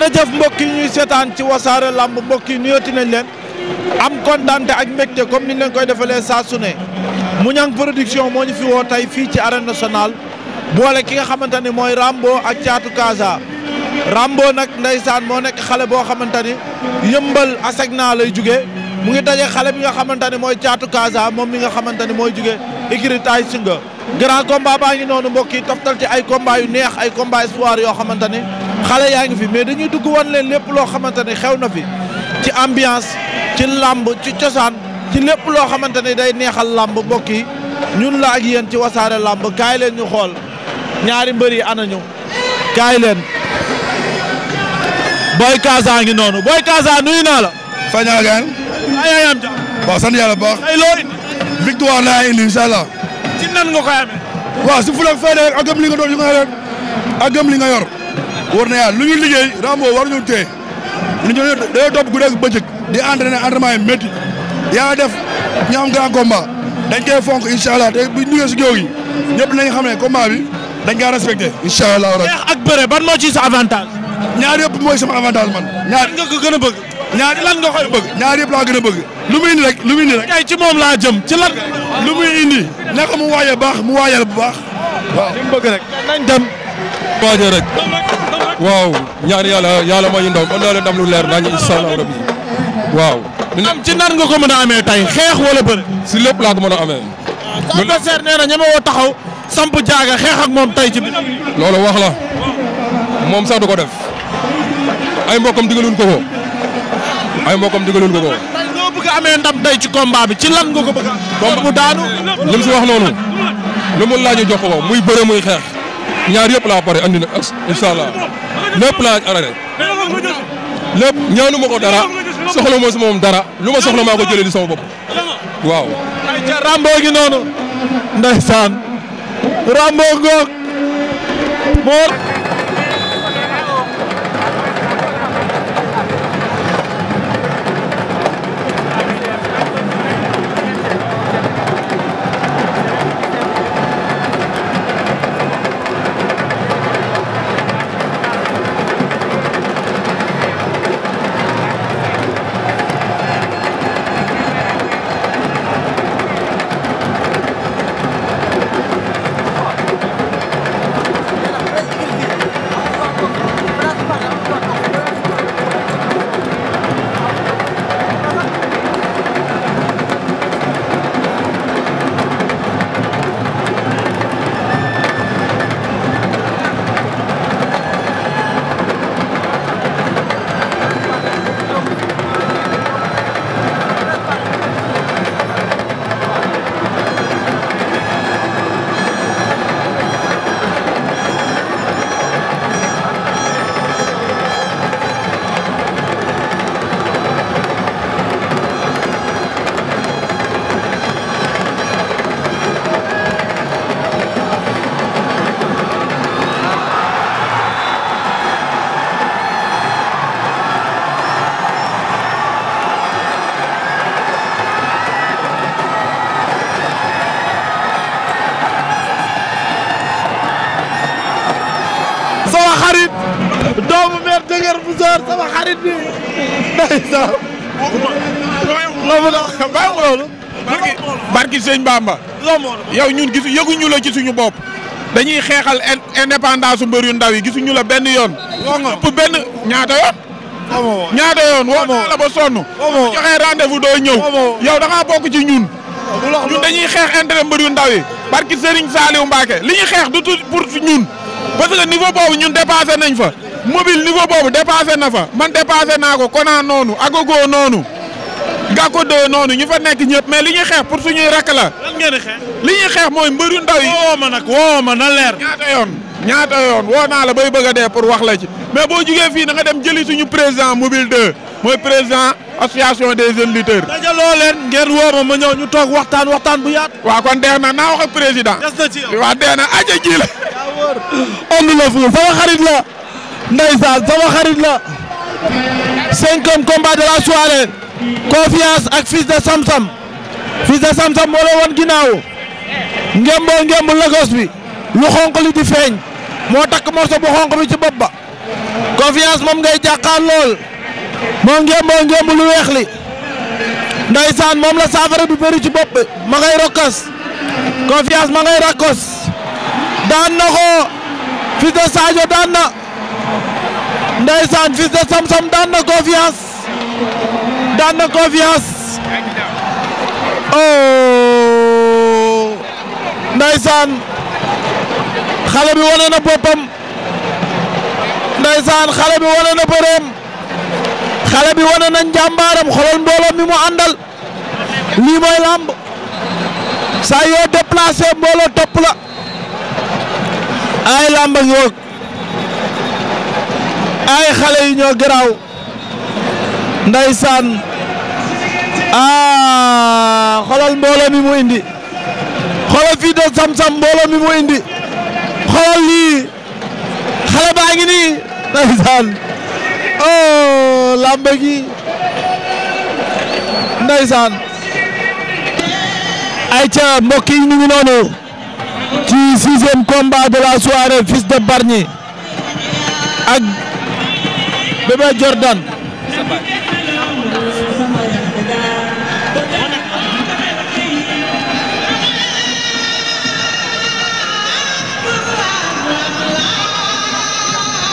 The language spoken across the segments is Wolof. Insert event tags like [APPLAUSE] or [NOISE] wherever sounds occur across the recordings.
jërëjëf mbokk yi ñuy seetaan ci wasaare lamb mbokk yi nuyooti nañ leen am kontaan ak mbégte comme ni ñu leen koy defalee saa su ne Mouniang production moo ñu fi woo tey fii ci arène nationale boole ki nga xamante ni mooy Rambo ak Caatu Kaasa Rambo nag ndeysaan moo nekk xale boo xamante ni yëmbal asegna lay jugee mu ngi daje xale bi nga xamante ni mooy Caatu Kaasa moom mi nga xamante ni mooy jugee écurie Tay Shinga grand combat baa ngi noonu mbokk yi toftal ci ay combat yu neex ay combat espoir yoo xamante ni xale yaa ngi fi mais dañuy dugg wan leen lépp loo xamante ne xew na fi ci ambiance ci làmb ci cosaan ci lépp loo xamante ne day neexal làmb mbokk yi ñun la ak ci wasaare làmb kaay leen ñu xool ñaari mbër yi ana ñu kaay leen. Boy Kaza ngi noonu Boy Kaza nuyu naa la. Faña gaan. ay am jàmm. waaw sant yàlla bu baax. ay loo victoire laa indi incha allah. ci nan nga koy amee. waaw su fuleeg fay ak gëm li doon li nga yor ak gëm li nga yor. war na yàlla lu ñu liggéey Rambo waruñu tee ñu ñoo dañoo topp guddeeg bëccëg di entraîné entraînement yi métti yàlla def ñu am grand combat dañ koy fonk incha allah te bu ñu si géew gi ñëpp nañ xam ne combat bi dañ koy respecté. incha allah rabi xeex ak bëre ban moo ci sa avantage. ñaar yëpp mooy sama avantage man. ñaar lan nga ko gën a ñaar lan nga koy ñaar yëpp laa gën a bëgg. lu muy indi rek lu muy indi rek. tey ci moom laa jëm ci lan. lu muy indi. naka mu waayee baax mu waayal bu baax. waaw dem. waajal rek. waaw ñaan yàlla yàlla mooy ñu ndam mën naa leer naa incha allah rabi waaw. ndam ci nan nga ko mën a amee tey xeex wala bëri. si lépp laa ko mën a amee. loolu ah, adversaire nee na ñeme woo taxaw samp jaaga xeex ak moom tey ci biir. loolu wax la moom sax ko def ay mbokkam digaluñ ko ko ay mbokkam digaluñ ko ko. loo bëgg amee ndam tey ci combat bi ci lan nga ko bëgg a. combat bu daanu li mu si wax noonu lu mu laaj jox ko muy bëre muy xeex ñaar yëpp laa pare andi na incha allah lépp laa arrêté lépp ñaanu ma dara soxla ma moom dara lu ma soxla maa ko jëlee di sama bopp waaw. ay ca noonu. ndeysaan. Rambo ngoog barki sëñ Bamba. yow ñun gis yëguñu la ci suñu bopp. dañuy xeexal indépendance su mbër yu ndaw yi gisuñu la benn yoon. ëpp benn ñaata yoon. ñaata yoon woo naa la ba sonn. bu joxee rendez-vous doo ñëw. yow da ngaa bokk ci ñun. ñun dañuy xeex intérêt mbër yu ndaw yi. barki Serigne Saliou Mbacke li ñuy xeex du tout pour ñun. parce que niveau boobu ñun dépassé nañ fa. mobile niveau boobu dépassé na fa. man dépassé naa ko Kona noonu Agogo noonu. Gackou de noonu ñu fa nekk ñëpp mais li ñuy xeex pour suñuy rakk la. li ñuy xeex mooy mbëru ndaw yi. woo ma nag woo ma na leer. ñaata yoon ñaata woo naa la bay bëgg a dee pour wax la ci mais boo jugee fii na nga dem jëli suñu président mobile 2 mooy président association des jeunes lutteurs. dajaloo leen ngeen woo ma ñëw ñu toog waxtaan waxtaan bu yaat. waa kon deex na naa wax ak président. des na ci yow waaw deex na aja ji la. ond la fu sama xarit la. ndeysaan sama xarit la. cinquième combat de la soirée. confiance ak fils de Samsam fils de Samsam moo la ginnaaw ngemboo ngemb Lagos bi lu xonq li di feeñ moo takk morso bu xonq bi ci bopp ba confiance moom ngay jàkkaar lool moo ngemboo ngemb lu weex li ndeysaan moom la saafara bi bëri ci bopp ma ngay rokkas confiance ma ngay rakkos daan na ko fils de Sadio daan na ndeysaan fils de Samsam daan na confiance daan na confiance oh ndaysaan xale bi wane na boppam ndaysaan xale bi wane na bëreem xale bi wane na njàmbaaram xolal mbooloo mi mu àndal lii mooy làmb yoo déplacé mbooloo topp ay làmb ak yoog ay xale yi ñoo garaaw ndaysaan ah xoolal mbooloo mi mu indi xoolal fii de sam-sam mbooloo mi mu indi xoolal lii xale baa ngi nii ndeysaan oh làmba gi ndeysaan ayca mbokk yi ñu ngi noonu ci sixième combat de la soirée fils de Bargny ak bébé Jordan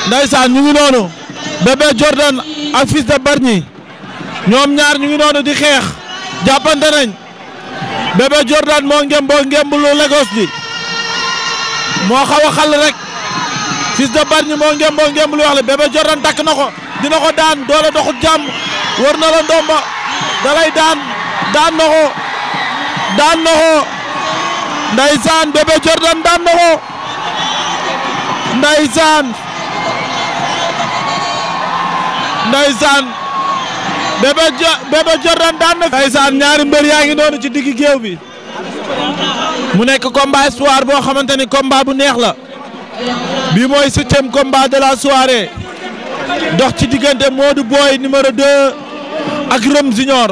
ndeysaan ñu ngi noonu bébé Jordan ak fils de ñoom ñaar ñu ngi noonu di xeex jàppante nañ bébé Jordan moo ngem boo lu Lagos di moo xaw xal rek fils de Bargny moo ngem boo ngem lu wax la bébé Jordan takk na ko dina ko daan doole doxut jàmm war na la ndomba da lay daan daan na ko daan na ko ndeysaan bébé Jordan daan na ko ndeysaan ndeysaan bébé jo bébé Jordan daan na. ndeysaan ñaari mbër yaa ngi noonu ci digg géew bi mu nekk combat soir boo xamante ni combat bu neex la bi mooy septième combat de la soirée dox ci diggante Modou Boy numéro 2 ak Rëm Junior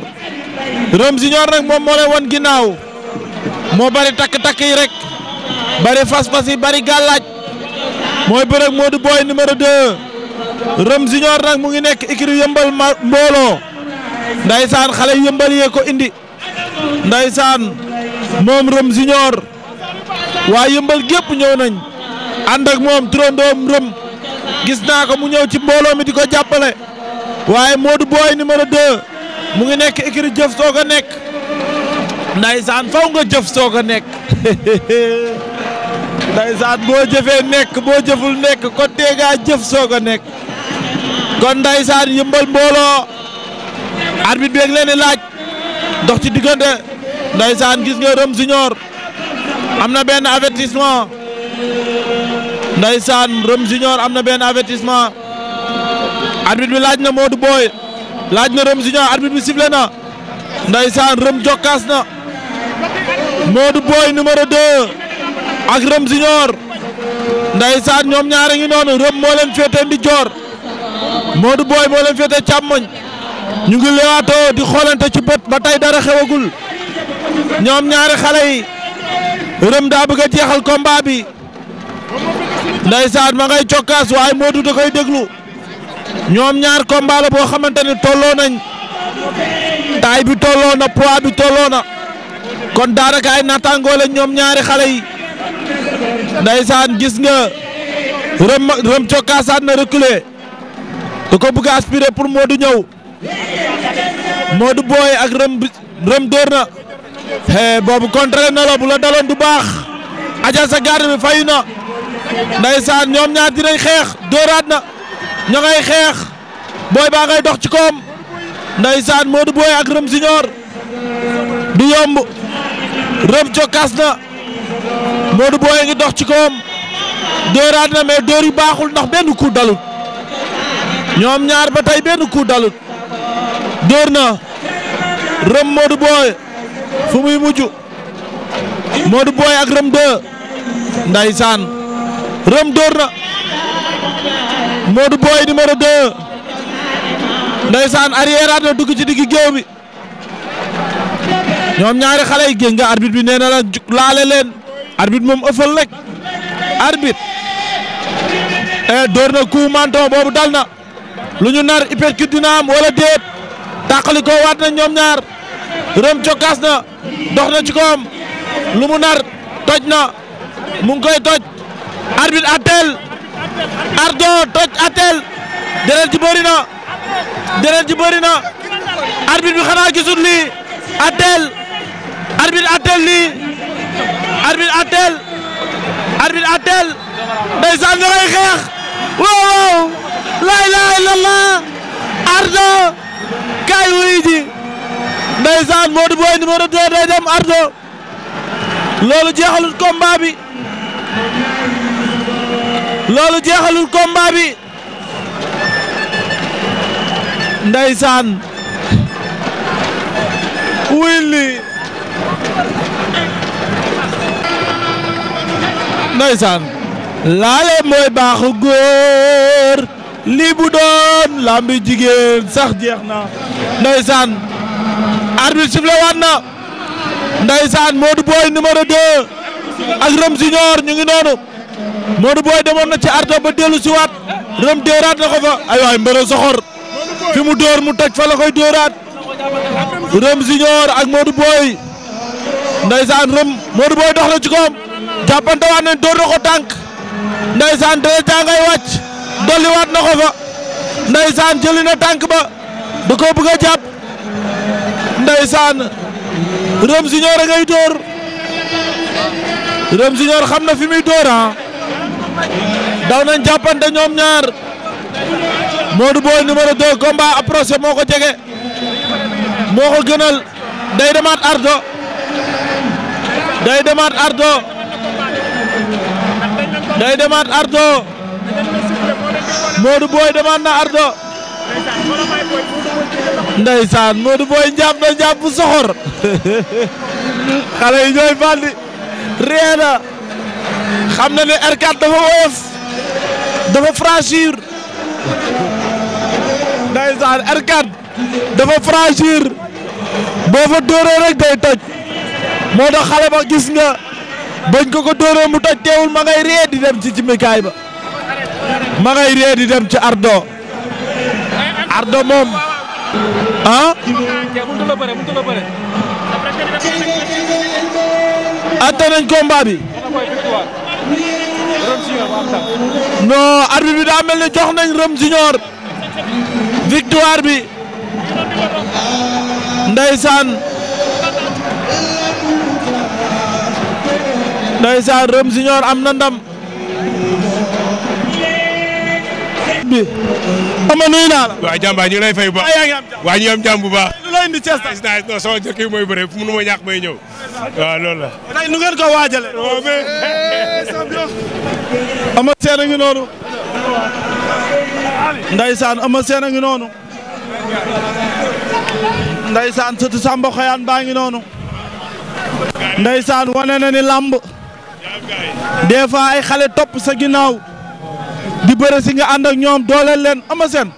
Rëm Junior nag moom moo leen won ginnaaw moo bari takk-takk yi rek bari fas bari gàllaaj mooy bërëg Modou Boy numéro 2. Rëm Junior nag mu ngi nekk ma yëmbal mbooloo ndaysaan xale yëmbal yee ko indi ndaysaan moom Rëm Junior waa yëmbal gépp ñëw nañ ànd ak moom turandoom Rëm gis naa ko mu ñëw ci mbooloo mi di ko jàppale waaye Modou Boy numéro 2 mu ngi nekk écurie jëf soo ko nekk saan faw nga jëf soo ko nekk [LAUGHS] ndaysaan boo jëfee nekk boo jëful nekk ko teegaa jëf soo ko nekk kon ndeysaan yëmbal mbooloo arbitre bi ak leen laaj dox ci diggante ndeysaan gis nga Rëm Junior am na benn avertissement ndeysaan Rëm Junior am na benn avertissement arbitre bi laaj na Modou Boy laaj na Rëm Junior arbitre bi sifflé na ndeysaan Rëm jokkaas na Modou Boy numéro 2 ak Rëm Junior saan ñoom ñaar a ngi noonu Rëm moo leen féete ndi joor Modou Boy moo leen féete càmmoñ ñu ngi lewaatoo di xoolante ci bët ba tey dara xewagul ñoom ñaari xale yi rëm daa bëgg a jeexal combat bi ndeysaan ma ngay cokkaas waaye moo du koy déglu ñoom ñaar combat boo xamante ne taay bi tolloo na poids bi tolloo na kon daanaka ay naataangoo ñoom ñaari xale yi ndeysaan gis nga rëm rëm cokkaasaat na reculer da ko bëgg a aspirer pour du ñëw Modou booy ak rëm rëm dóor na boobu contré na la bu la daloon du baax aja sa garde bi fayu na ndeysaan ñoom ñaar dinañ xeex dóoraat na ngay xeex booy baa ngay dox ci koom ndeysaan Modou booy ak rëm siñoor du yomb rëm cokkaas na Modou booy ngi dox ci koom dóoraat na mais dóor yu baaxul ndax benn coup dalut ñoom ñaar ba tey benn coup dalut dóor na rëm Modou Boy fu muy mujj Modou ak rëm 2 ndaysaan rëm dóor na Modou Boy numéro 2 ndaysaan arrière na dugg ci digg géew bi ñoom ñaari xale i génn nga bi nee na la laale leen arbitre moom ëffal rek arbitre eh dóor na coup boobu dal lu ñu nar uppercut dina am déet tàqali ko waat na ñoom ñaar rëm cokkaas na dox na ci koom lu mu nar toj na mu ngi koy toj arbitre atel ardo toj atel deret ji bëri na deret ji bëri na arbitre bi xanaa gisul lii atel arbitre atel lii arbitre atel arbitre atel ndeysaan ña ngay xeex waaw laa ilaaha illallah Ardo kaay wuyu ji ndeysaan Modou Boye numéro 2 day dem Ardo loolu jeexalul combat bi loolu jeexalul combat bi laale mooy baaxu lii bu doon lambi jigéen sax jeex na ndeysaan arbitre sifflé waat na ndeysaan Modou Boy numéro 2 ak Rëm Junior ñu ngi noonu Modou Boy demoon na ci ardo ba dellu si waat Rëm dóoraat na ko fa ay waay mbëre soxor fi mu dóor mu toj fa la koy dóoraat Rëm Junior ak Modou Boy ndeysaan Rëm Modou Boy dox na ci koom jàppante waat nañ dóor na ko tànk ndeysaan dara tàngay wàcc dolliwaat na ko fa ndeysaan jëli na tànk ba da ko bëgg a jàpp ndeysaan Rëm Junior a ngay dóor Rëm Junior xam na fi muy dóor ah daw nañ jàppante ñoom ñaar Modou Boy numéro 2 combat approché moo ko jege moo ko gënal day demaat ardo day demaat ardo day demaat ardo Modou Boy demande na Ardo ndeysaan Modou Boy njàpp na njàpp bu soxor [LAUGHS] xale yi ñooy bandi ree na xam na ne R4 dafa woyof dafa franchir ndeysaan R4 dafa franchir boo fa dóoree rek day toj moo tax xale ba gis nga bañ ko ko dóoree mu toj teewul ma ngay ree di dem ci cimikaay ba ma ngay dem ci Ardo Ardo moom ah atte nañ combat bi non arbitre bi daa mel ne jox nañ Rëm Junior victoire bi ndeysaan ndeysaan Rëm siñor am na ndam bi. ama nuyu naa la. waaw jàmbaar ñu lay fay bu baax waaw am jàmm bu lay indi Thiès sax. naa non sama jëkk yi nu ma ñàkk may ñëw. nu ngeen ko waajale. ama seen a ngi noonu. Ndeysaan ama seen a ngi noonu. Ndeysaan sëtu Samba Xoyaan baa ngi noonu. Ndeysaan wane na ni làmb. des fois ay xale topp sa ginnaaw. di si nga ànd ak ñoom dooleel leen ama seen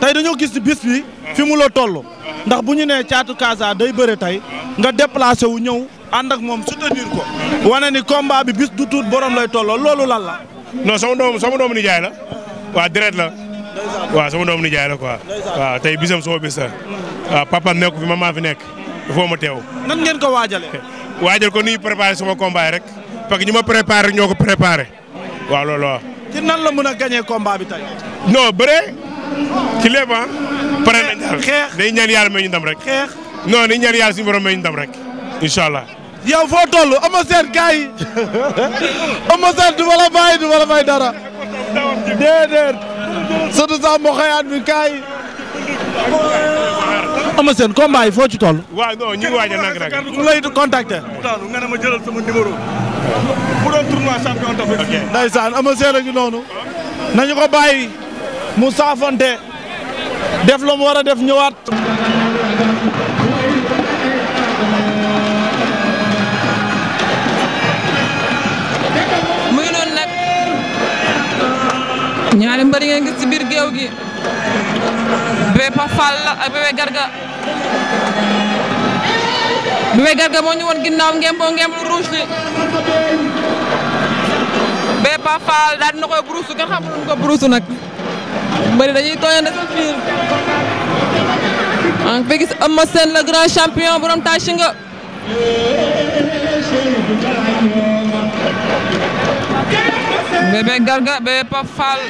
tey dañoo gis ci bis bi fi mu la toll ndax bu ñu nee caatu Casa day bëre tey nga déplacé wu ñëw ànd ak moom soutenir ko wane ni combat bi bis du tuut borom lay tolloo loolu lan la non sama doom sama doomu nijaay la waa deret la waaw sama doomu nijaay la quoi waa tey bisam sama bis la waaw papa nekku fi ma maa fi nekk foo ma teew nan ngeen ko waajale waajal ko ni préparé ma combat rek parce que ñu ma préparé ñoo ko préparé waaw loolu ci nan la mën a gagné combat bi tey. non bëre ci lépp ah. pare nañ daal xeex day ñaan rek. xeex non day ñaan yàlla suñu borom may ñu rek incha allah. yow foo toll ama seen gars yi ama [LAUGHS] seen du dara. déedéet surtout sax mo xëyaat bi Eumeu Sène combat yi foo ci toll. ngi waaj a nag nag. mu lay contacter. mu nga ne ma jëlal sama numéro. bu doon tournoi a ngi mu saafonte def la mu war a def ñëwaat. mu ngi noonu nag ñaari mbër ngeen gis géew gi bébé Pafal la ak Garga. Bébé Garga moo ñu woon ginnaaw ngeen boo ngeen lu rouge li dina koy brousse kenn xamul nu ko brousse nag mbëri dañuy tooyandoo seen biir en fait gis Eumeu grand champion borom tàcc nga. Garga Bébé Fall.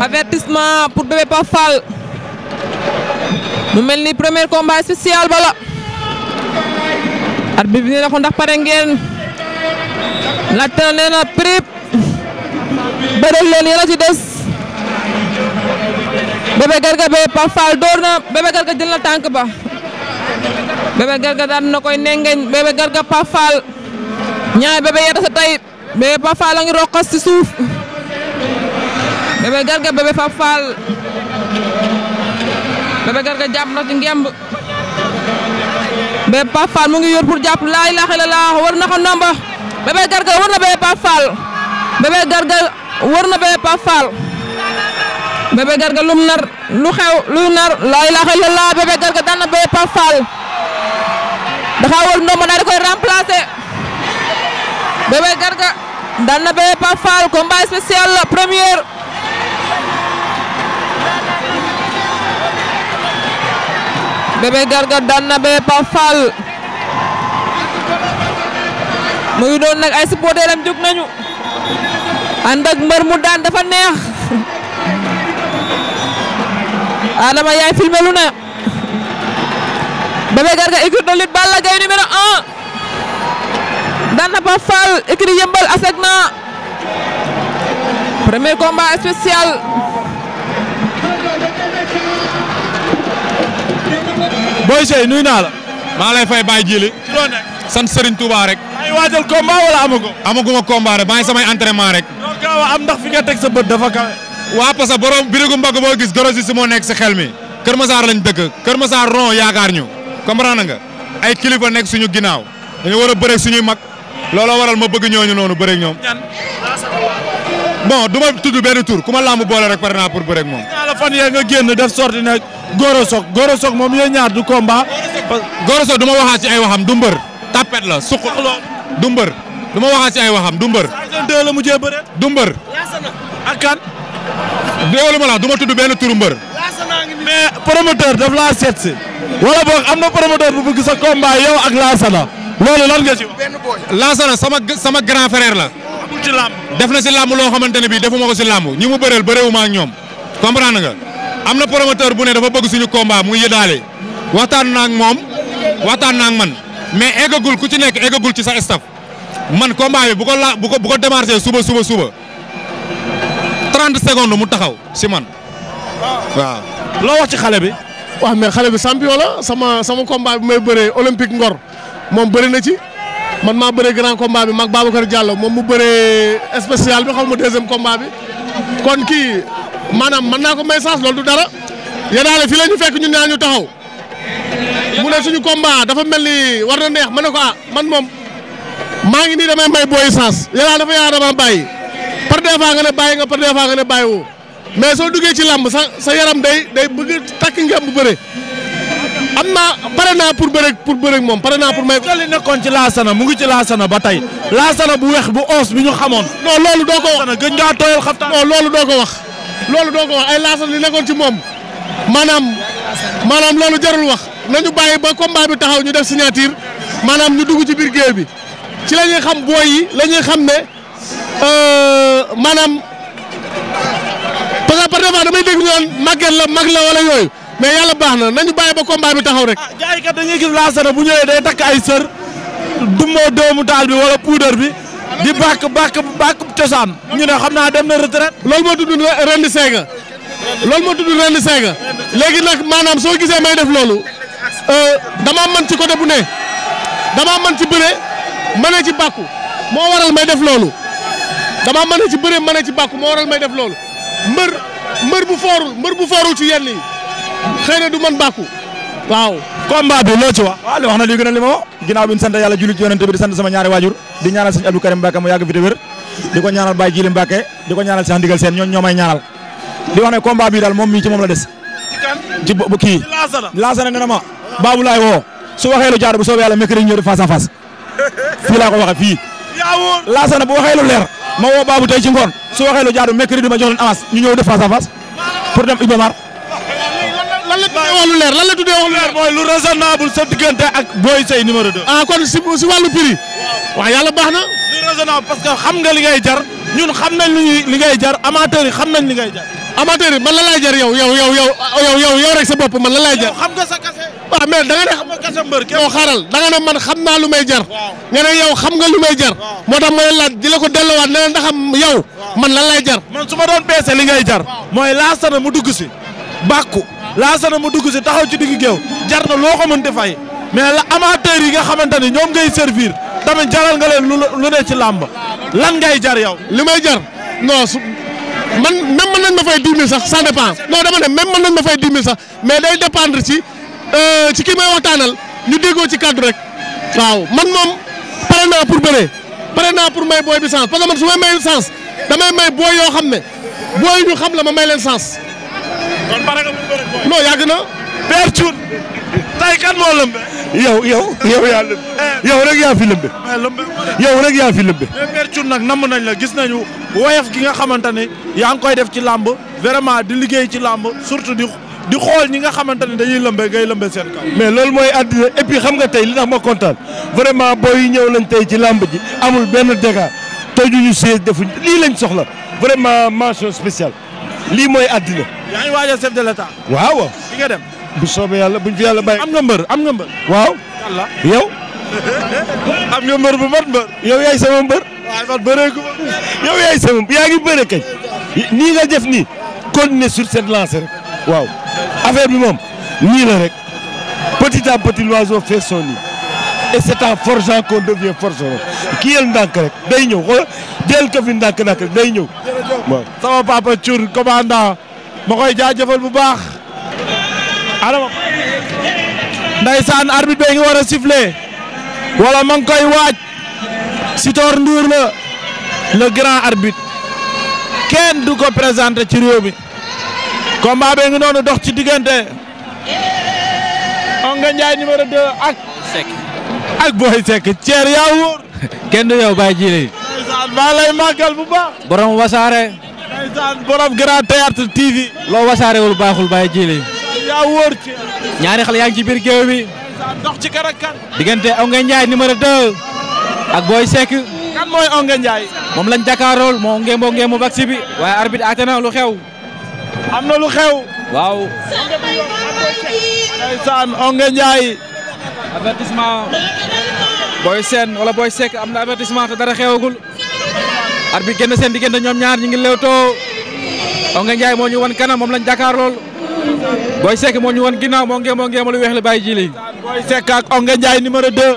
avertissement pour bébé Pape Fall mu mel ni premier combat spécial bala arbitre bi nee na ko ndax pare ngeen laajte na nee prip bëral leen yéen a ci des Bébé Garga bee Pape Fall door na Bébé Garga jël na tànk ba Bébé Garga daan na koy nengeñ Bébé Garga Pape Fall bébé yata sa tay bébé Pape a ngi roqas ci suuf Bébé Garga bébé Pape Bébé Garga jàpp na ci ngemb bébé Pape mu ngi yor pour jàpp laa ilaaha illallaah war na ko nomba Bébé Garga war na bébé Pape Bébé Garga war na bébé Pape Bébé Garga lum nar lu xew lu nar la ilaha illallah Bébé Garga daan na Bébé daan na Bébé Pape Fall combat spécial première Bébé Garga daan na Bébé Pape Fall ngi doon nag ay supporteram jug nañu ànd ak mbër mu daan dafa neex Adama yaay filmé lu ne Bébé Garga écurie de lutte Balla Gaye numéro 1 daan na Pape Fall écurie yëmbal premier combat spécial Boy Seye nuyu naa la maa lay fay Baye Djili sant Serigne Touba rek ay waajal combat wala amago amaguma combat rek baa ngi samay entraînement rek am ndax fi teg sa bët dafa kawe waa parce que borom birigu mbagg boo gis grossiste moo nekk si xel mi Kër Masaar lañ dëkk Kër Masaar ron yaakaar ñu comprendre nga ay kilifa nekk ñu ginnaaw dañu war a bëreeg ñuy mag looloo waral ma bëgg ñooñu noonu bëreeg ñoom. bon du ma tudd benn tur ku ma làmb boole rek pare naa pour bëreeg moom. la fan yee nga génn def sorti nag Goro Sock Goro Sock moom yee ñaar du combat. Goro Sock du ma waxaat ci ay waxam du mbër. tapet la suq du mbër du ma waxaat ci ay waxam déggoo ma la du ma tudd benn turu mbër. mais promoteur daf laa seet si. wala boog am na promoteur bu bëgg sa combat yow ak Laasana. loolu lan nga ci Laasana sama sama grand frère la. ci làmb def na si làmb loo xamante ne bii defuma ko si làmb ñi mu bëreel bëreewuma ak ñoom. comprendre nga am na promoteur bu ne dafa bëgg suñu combat mu ngi yëdaale. waxtaan naa moom waxtaan naa ak man mais eggagul ku ci nekk eggagul ci sa staff man combat bi bu ko la bu ko bu ko démarré suba suba suba. trente secondes mu taxaw si man. waaw loo wax ci xale bi. waaw mais xale bi champion la sama sama combat bi may bëree olympique ngor moom bëri na ci man maa bëree grand combat bi mag Babacar Diallo moom mu bëree spécial bi xaw ma deuxième combat bi kon kii maanaam mën naa ko may chance loolu du dara yéen daal fii la ñu fekk ñu ñaa ñu taxaw. mu ne suñu combat dafa mel ni war na neex ma ne ko ah man moom maa ngi nii damay may booy chance yéen dafa yaa dama bàyyi. par des fois nga ne bàyyi nga par des fois nga ne bàyyiwoo mais soo duggee ci làmb sa sa yaram day day bëgg takk ngeen bu bëre am naa pare naa pour bëre pour bëre moom pare naa pour may. li nekkoon ci laasana mu ngi ci laasana ba tey laasana bu weex bu os bi ñu xamoon. non loolu doo ko wax gën ngaa tooyal xaftaan. non loolu doo ko wax loolu doo ko wax ay laasana li nekkoon ci moom maanaam maanaam loolu jarul wax nañu bàyyi ba combat bi taxaw ñu def signature maanaam ñu dugg ci biir géew bi ci la ñuy xam booy yi la ñuy xam ne. Euh, maanaam parce que par exemple damay dégg ñu naan màgget la mag la wala yooyu mais yàlla baax na nañu bàyyi ba combat bi taxaw rek. ah jaaykat dañuy gis laasana bu ñëwee day takk ay sër dummoo doomu taal bi wala puudar bi. di bàkk bàkk bàkk cosaan. ñu ne xam naa dem na retraite. loolu moo tudd ren di seega loolu moo tudd ren di seega léegi nag maanaam soo gisee may def loolu euh, dama man ci côté bu ne dama man ci bëre mënee ci bàkku moo waral may def loolu. damaa mën a ci bëre mën a ci bàkku moo waral may def loolu mbër mbër bu foorul mbër bu foorul ci yenn yi xëy du mën bàkku waaw combat bi loo ci wax li wax na li gën a li ma wax ginnaaw bi ñu sant yàlla julli ci yonente di sant sama ñaari waajur di ñaanal sëñ Abdou Karim Mbacke mu yàgg fi te wér di ko ñaanal Baye Jili Mbacke di ko ñaanal Cheikh Ndigal Sène ñoo ñoo may ñaanal di wax ne combat bi daal moom mii ci moom la des ci bu kii laasana nee na ma Babou Laye woo su waxee lu jaar bu soobee yàlla mekk ñëw di face à face [LAUGHS] fii laa ko waxe fii laasana bu waxee lu ma woo Babou tey ci ngoon su waxee lu jaadu mercredi ma jox leen avance ñu ñëw def face à face pour dem Iba Mar. lan la tuddee wàllu leer lan la tuddee wàllu leer mooy lu raisonnable sa diggante ak Boy Seye numéro 2. ah kon si si wàllu prix. waaw yàlla baax na. lu raisonnable parce que xam nga li ngay jar ñun xam nañ li ngay jar amateur yi xam nañ li ngay jar. amateur yi man la lay jar yow yow yow yow yow yow rek sa bopp man la lay jar. xam nga sa kase. waaw mais da ne xam nga kase mbër yow xaaral da ne man xam naa lu may jar. nga ne yow xam nga lu may jar. moo tax may laaj di la ko delloowaat ne la ndax am yow. man la jar. su ma doon peese li ngay jar. mooy laasana mu dugg si. bàkku laasana mu dugg si taxaw ci digg géew jar na loo ko mënti fay. mais la amateur yi nga xamante ni ñoom ngay servir tamit jaral nga leen lu ne ci làmb lan ngay jar yow. li may jar non man même mën nañ ma fay 10 sax ça dépend non dama ne même mën nañ ma fay 10 sax mais day dépendre ci euh, ci kii may waxtaanal ñu déggoo ci kaddu rek waaw man moom pare naa pour bëree pare naa pour may booy bi sens parce que man su may may sens damay may booy yoo xam ne booy ñu xam la ma may leen sens. kon pare nga pour bëri booy. non yàgg na. père Thioune. tey kan moo lëmbe. yow yow yow yaa lëmbe eh. yow rek yaa fi lëmbe eh, yow rek yaa fi lëmbe mais eh, Père Thioune nag namm nañ la gis nañu woyof gi nga xamante ne yaa ngi koy def ci làmb vraiment di liggéey ci làmb surtout di di xool ñi nga xamante ne dañuy lëmbe ngay lëmbe seen kaw mais loolu mooy àddina et puis xam nga tey li tax ma kontaan vraiment booy ñëw nañ tey ci làmb ji amul benn dégât tojuñu sées defuñ lii lañ soxla vraiment mention spéciale lii mooy àddina yaa ngi waaj a chef de l'état waaw di nga dem bu soobee yàlla buñ fi yàlla bàyyi. am nga mbër am nga mbër. waaw. allah yow. [LAUGHS] am nga mbër bu mat mbër. yow yaay sama mbër. yaa ngi bëre kañ. nii nga def nii. continuer sur cette lancée rek. waaw affaire bi moom nii la rek petit à petit l'oiseau fait son nid et c'est en forgeant qu'on devient forgeron kii yël ndànk rek day ñëw xool del ko fi rek day ñëw. waaw sama papa Thioune commandant ma koy jaajëfal bu baax. Adama ndaysaan arbitre bi ngi war a siffler ma ngi koy waaj Sitor Ndour la le grand arbitre kenn du ko présenté ci réew mi combat bi ngi noonu dox ci diggante Onga Ndiaye numéro 2 ak Seck ak Boy Seck Thier yaa wóor [LAUGHS] kenn du yow bàyyi jili ndaysaan lay màggal bu baax borom wasaare borom grand théâtre TV loo wasaarewul baaxul bàyyi jili yaa ñaari xale yaa ci biir géew bi. ci kan diggante Ongué Ndiaye numéro 2. ak Boy Seck. kan mooy Ongué moom lañ jàkkaarlool moo ngeen moo ngeen mu vaccin waaye arbitre àtte na lu xew. am na lu xew. waaw. ndeysaan Ongué Ndiaye. avertissement. Boy wala Boy Seck am na avertissement te dara xewagul. arbitre génn seen diggante ñoom ñaar ñu ngi lewtoo. Ongué Ndiaye moo ñu wan kanam moom lañ jàkkaarlool. Boy Seck moo ñu woon ginnaaw moo ngi moo ngi lu weex la Baye Djili. Boy Seck ak Ongué Ndiaye numéro 2.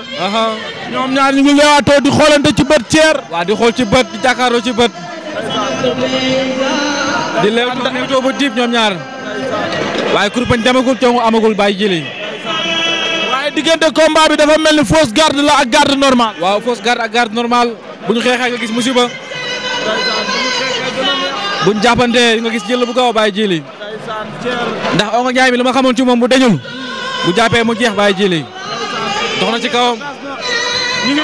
ñoom ñaar ñu ngi leewaatoo di xoolante ci bët ceer. waaw di xool ci bët di jàkkaarloo ci bët. di leewtoo ba diib ñoom ñaar. waaye kurpañ demagul coono amagul Baye Djili. waaye diggante combat bi dafa mel ni fausse garde la ak garde normale. waaw fausse garde ak garde normale bu ñu xeexee nga gis musiba. bu ñu jàppante nga gis jël bu gaaw ndax Ongo Ndiaye mi lu ma xamoon ci moom bu dañul bu jàppee mu jeex bàyyi jili dox na ci kawam. ñu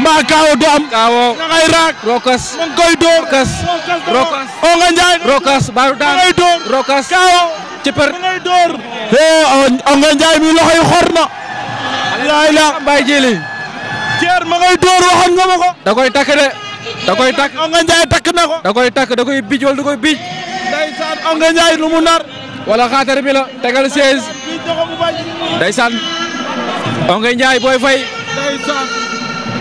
mbaa kaawo du am. kaawo da rokas koy Ongo Ndiaye. rokas baaru daan da rokas kaawo. ci Ongo Ndiaye mi loxo yi xor la bàyyi jili. Thier ngay door waxoon nga ma ko. da koy takk de. da koy takk takk na ko. da koy takk da koy da koy bij. ndeysaan am nga Ndiaye lu mu nar. wala xaatar bi la tegal 16. ndeysaan. am nga Ndiaye booy fay. ndeysaan.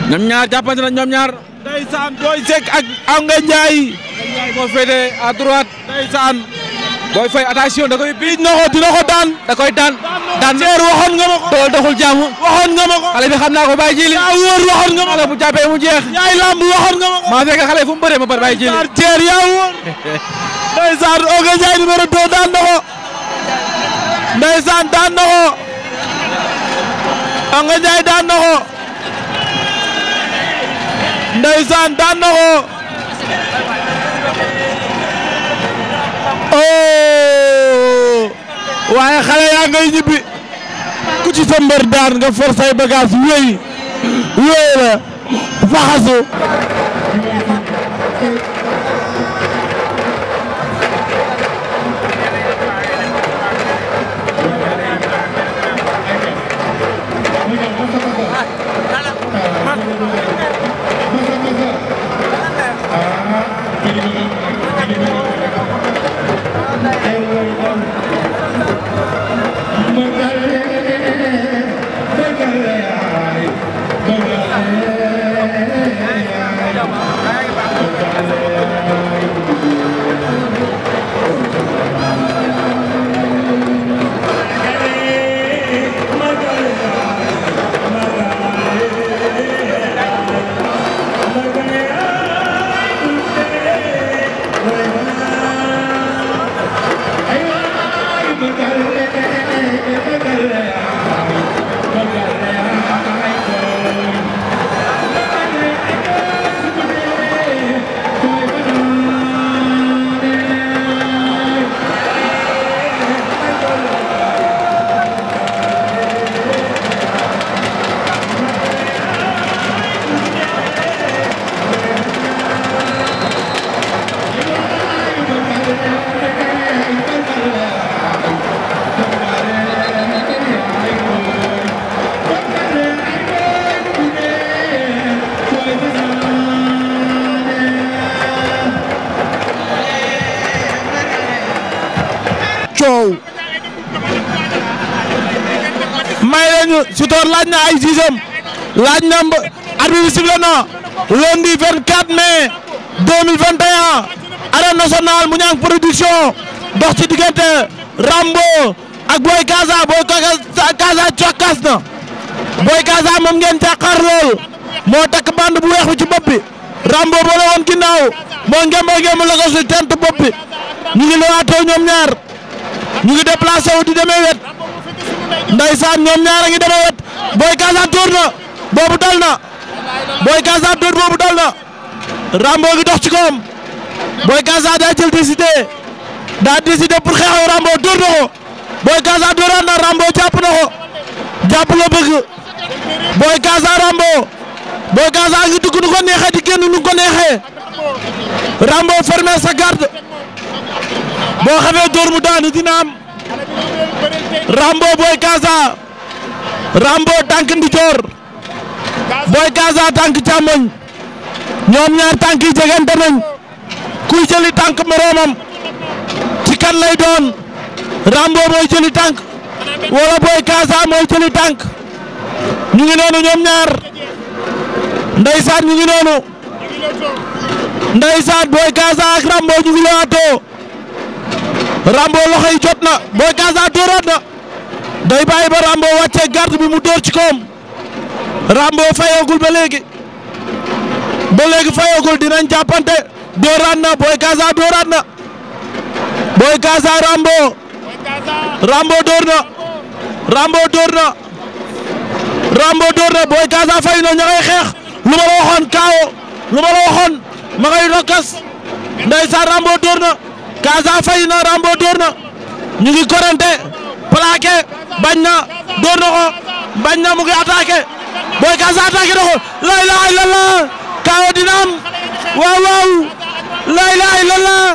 ñoom ñaar jàppante na ñoom ñaar. ndeysaan booy sekk ak am nga Ndiaye. Ndiaye moo féetee à droite. ndeysaan. booy fay attention da koy biij na ko dina ko daan. da koy daan daan seer waxoon nga ma ko. dool doxul jaamu. waxoon nga ma ko. xale bi xam naa ko bàyyi jili. yaa wóor waxoon nga ma ko. xale bu jàppee mu jeex. yaay lamb waxoon nga ma ko. maa fekk xale fu mu bëree ma bari bàyyi jili. seer yaa wóor. ndeysaan Ongué Ndiaye numéro daan na ko ndeysaan daan daan na ko ndeysaan daan oh! xale yaa ngay ñibbi ku ci sa daan nga for say bagage wéy wéy la faxasu Senghor laaj na ay sixième laaj na arbitre bi sifflé na lundi 24 mai 2021 arène nationale Mouniang production dox ci diggante Rambo ak Boy Kaza Boy Kaza cokkas na Boy Kaza moom ngeen jàkkaar lool moo takk bande bu weex bi ci bopp Rambo boo la woon moo ngeen moo ngeen mu tent bopp ñu ngi lewaatoo ñoom ñaar ñu ngi déplacé di demee wet ndeysaan ñoom ñaar a ngi demee wet Boy Casa dóor na boobu dal na Boy Casa dóor boobu dal na Rambo ngi dox ci koom Boy Casa daa jël décidé daa décidé pour xeexaw Rambo dóor na ko Boy Casa dóoraan na Rambo jàpp na ko jàpp la bëgg Boy Casa Rambo Boy Casa ngi dugg ko neexee di génn nu ko neexee Rambo fermé sa garde boo xamee dóor mu daanu dina am Rambo Boy Casa. Rambo tànk ndijoor Boy Gaza tànk càmmoñ ñoom ñaar tànk yi jegante nañ kuy jëli tànk moroomam ci kan lay doon Rambo mooy jëli tànk wala Boy Gaza mooy jëli tànk ñu ngi noonu ñoom ñaar ndeysaan ñu ngi noonu ndeysaan Boy Gaza ak Rambo ñu ngi lewaato Rambo loxo yi jot na Boy Gaza dóoraat na day bàyyi ba Rambo wàccee garde bi mu dóor ci koom Rambo fayagul ba léegi ba léegi fayagul dinañ jàppante dóoraat na Boy Gaza dóoraat na Rambo Rambo dóor na Rambo dóor na Rambo dóor na Boy xeex lu ma kaawo lu ma la waxoon ma ngay Rambo dóor na Gaza fay Rambo dóor na ñu ngi korante plaqué bañ na door na ko bañ na mu ngi attaqué Kaasa attaqué na laa ilaaha illallaah kaawa dina am laa ilaaha illallaah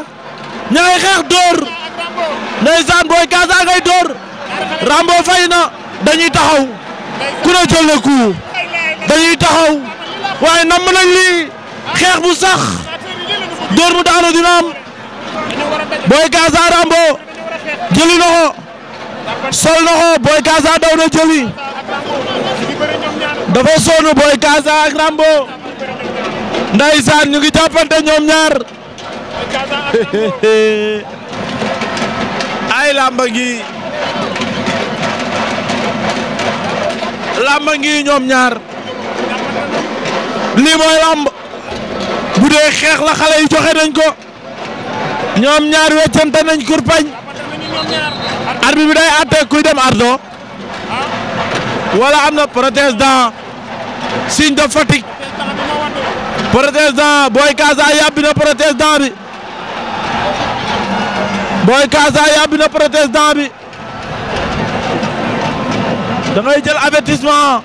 ña xeex door ndeysaan Boy Kaasa ngay door Rambo fay dañuy taxaw ku ne jël na ku dañuy taxaw waaye namm nañ lii xeex bu sax door mu daanu dina am Kaasa Rambo jëli na sol na ko Boy Kaza daw na jëli dafa sonn Boy Kaza ak Rambo ndeysaan ñu ngi jàppante ñoom ñaar [LAUGHS] ay làmba ngi làmba ngi ñoom ñaar lii mooy bu dee xeex la xale yi joxe nañ ko ñoom ñaar weccante nañ kurpañ arbitre bi day àtte kuy dem ardo wala am na protestant signe de fatigue protestant Boy Casa yàbbi na protestant bi Boy Casa yàbbi na protestant bi da ngay jël avertissement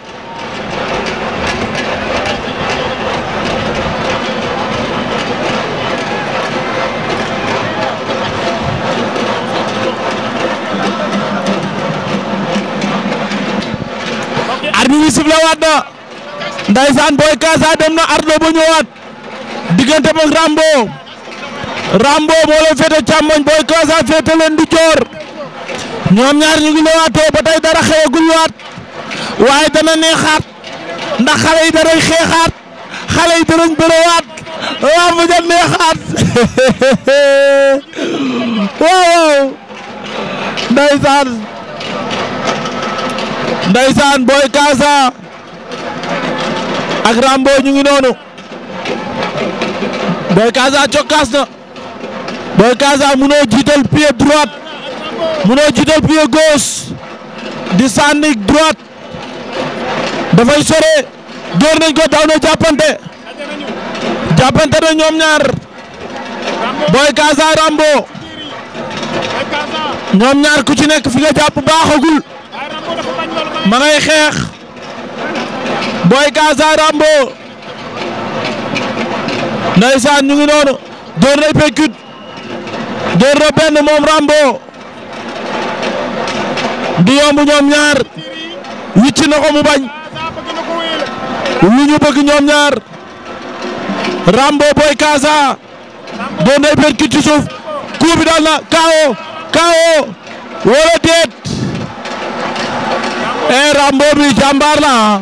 sifle waat na ndaysaan booy Kaasa dem na ardo ba ñëwaat diggante ba Rambo Rambo moo leen féete càmmoñ booy Kaasa féete leen di joor ñoom ñaar ñu ngi lewaatoo ba tey dara xewagul waat waaye dana neexaat ndax xale yi danañ xeexaat xale yi danañ bërewaat waaw mu ja neexaat [LAUGHS] waaw waaw ndaysaan Ndeysaan Boy Kaasa ak Rambo ñu ngi noonu Boy Kaasa cokkaas na Boy Kaasa munoo jiital pied droite munoo jiital pied gauche di sànni droite dafay sore door nañ ko daw na jàppante jàppante na ñoom ñaar Boy Kaasa Rambo ñoom ñaar ku ci nekk fi nga jàpp baaxagul. ma ngay xeex Boy Gaza Rambo ndeysaan ñu ngi noonu door na pekkut door na benn moom Rambo du yomb ñoom ñaar wicci na ko mu bañ lu ñu bëgg ñaar Rambo Boy Gaza door na pekkut ci suuf coup bi daal na KO KO eh Rambo bi jàmbaar la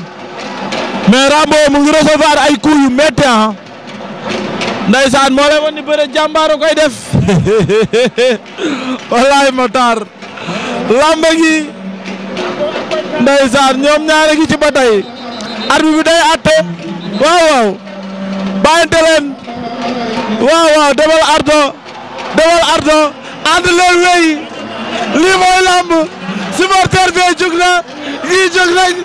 mais Rambo mu ay coups yu métti ah ndeysaan moo lay wan ni bëre jàmbaaru koy def [LAUGHS] wallaay Matar lamba gi ndeysaan ñoom ñaare gi ci ba tey arbitre bi day atte waaw waaw bàyyante leen waaw waaw demal ardo demal ardo ànd leen wéy lii lamb supporter bee jug na ñii jug nañ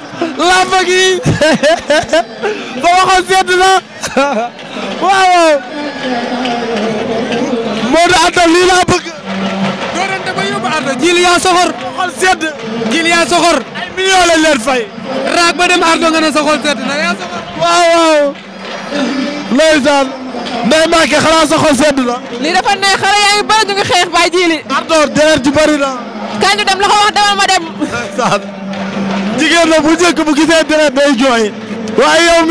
làmb gi sama [LAUGHS] xol sedd na [LAUGHS] waaw Modou Anta lii laa bëgg. doorante ba yaa soxor. xol sedd. yaa soxor. ay millions lañ leen fay. raak ba dem Anta nga ne sa xol sedd na yaa soxor. waaw waaw. looy saan. Ndeye Mbacke xanaa sa xol na. lii dafa neex xale yaa ngi bëri ñu ngi xeex ba jiili. Anta deret ju bëri na. kañ ñu dem la ko wax demal ma dem. jigéen la bu bu gisee deret day jooy. waaye yow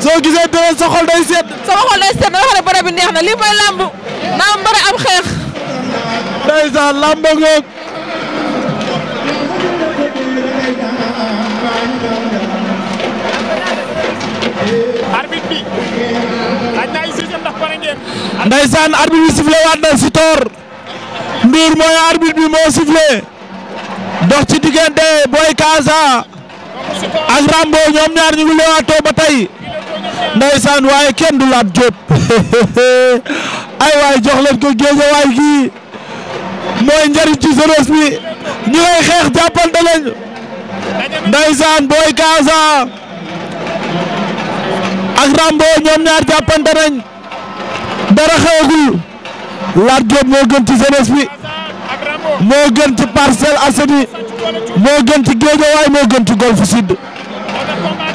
soo gisee deret sa xol day sedd. sama xol day sedd dafa ne bërëb bi neex na lii mooy làmb naam mbëre am xeex. ndeysaan làmb ngoog. arbitre bi. laaj naa yu si na si Ndour mooy arbitre bi moo sifflé dox ci diggante Boy Kaasa ak Rambo ñoom ñaar ñu ngi leewaatoo ba tey ndeysaan waaye kenn du laat Diop [LAUGHS] ay waay jox ko géeja waay gi mooy njariñ ci seros bi ñu ngay xeex jàppante lañu ndeysaan Boy Kaasa ak Rambo ñoom ñaar jàppante nañ dara xewagul laat Diop moo gën ci seros bi moo gën ci Parcelles Assainies moo gën ci Guédiawaye moo gën ci Golf Sud.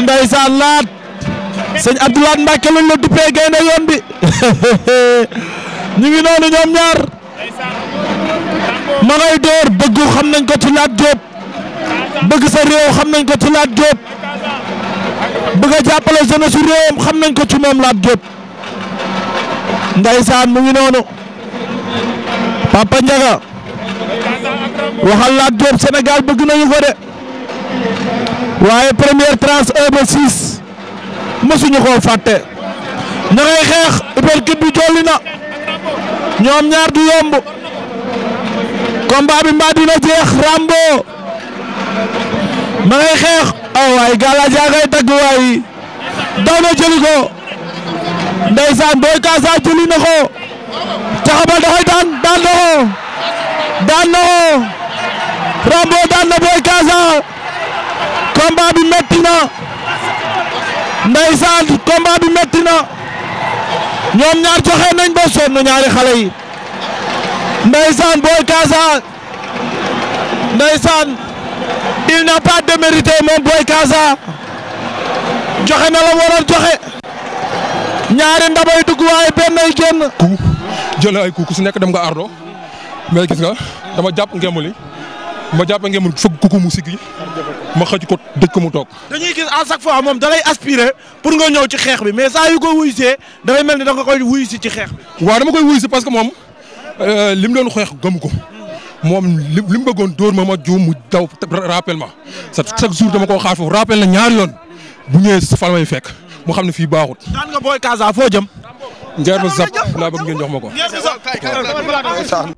Ndeysaan laat sëñ Abdoulaye Mbacke lañ la duppee gaynde yoon bi [LAUGHS] ñu ngi noonu ñoom ñaar ma ngay door bëggu xam nañ ko ci Lat Diop bëgg sa réew xam nañ ko ci laat Diop bëgg a jàppale jeunesse su réewam xam nañ ko ci moom Lat Diop Ndeysaan mu ngi noonu Papa Ndiaga waxal Lat Diop Sénégal bëgg nañu ko de waaye première tranche 1 ba 6 mësuñu fàtte ña ngay xeex uppercut bi jolli na ñoom ñaar du yomb combat bi mbaa dina jeex Rambo ma ngay xeex oh waay gàllaaj yaa ngay tagg waay daw na jëli ko ndeysaan booy kaasa jëli na ko caxabal da koy daan daan na Rambo daan na Boy Casa combat bi metti na ndeysaan combat bi metti na ñoom ñaar joxe nañ ba sonn ñaari xale yi ndeysaan Boy Casa ndeysaan il n'a pas démérité moom Boy Casa joxe na la waroon joxe ñaari ndabay dugg waaye benn ay génn. ku ay ku si nekk dem nga ardo mais gis nga dama jàpp ngemu li ma jàpp ngeen mu fëgg kuku mu siggi ma xëj ko dëj ko mu toog. dañuy gis à chaque fois moom dalay aspirer pour nga ñëw ci xeex bi mais saa yu ko wuyusee dafay mel ni da nga koy wuyusi ci xeex bi. waaw dama koy si parce que moom euh, li mu doon xeex gëm ko moom li mu bëggoon dóor ma ma juum mu daw rappel ma chaque jour dama koo xaar foofu rappel na ñaari yoon bu ñëwee sa fan may fekk mu xam ne fii baaxut. daan nga booy Casa foo jëm. Ndiaye ba Zapp laa bëgg ngeen jox ma ko.